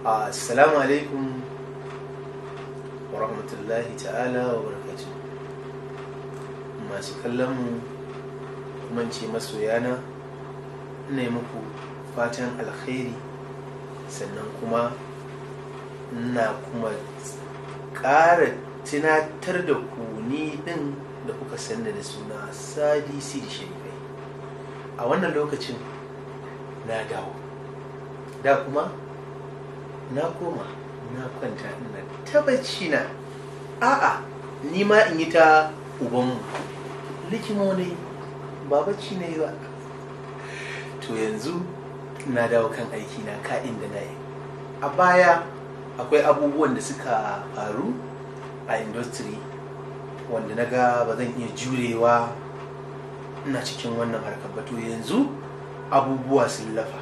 assalamu alaikum wa rahmatullahi ta'ala wa barakatu masu kallon mu kuma ce masoyana ina yi muku fatan alkhairi sannan kuma na kuma ƙara tunatar da ku ni ɗin da kuka sanda da suna sadi sidi shirifai a wannan lokacin na dawo da kuma na koma na kwanta ina tabbaci na a'a ni ma in yi ta ubanmu likimo ne ba bacci ne ba to yanzu na dawo kan aiki na ka'in da na yi a baya akwai abubuwan da suka faru a industry wanda na ga ba zan iya jurewa ina cikin wannan harkar ba to yanzu abubuwa sun lafa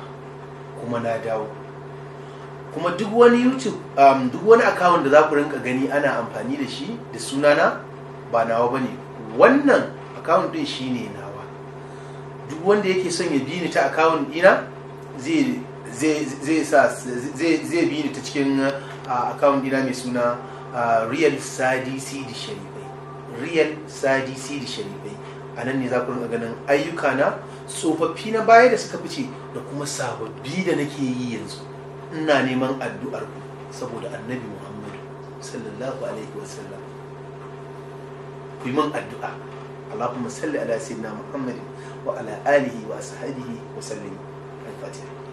kuma na dawo kuma duk wani youtube um, duk wani account da za ku rinka gani ana amfani da shi da sunana ba nawa ba ne wannan account din shine nawa duk wanda yake son ya bini ta account dina zai bini ta cikin uh, account dina mai suna uh, real sadi da sharifai real sadi sharifai a nan ne za ku rinka ganin ayyuka na tsofaffi na baya da suka fice da kuma sababbi da nake yi yanzu ina neman addu'ar ku saboda annabi muhammadu sallallahu alaihi wasallam ku yi man addu'a allahumma salli ala sayyidina muhammadin wa ala alihi wa ashabihi wa sallim al-fatiha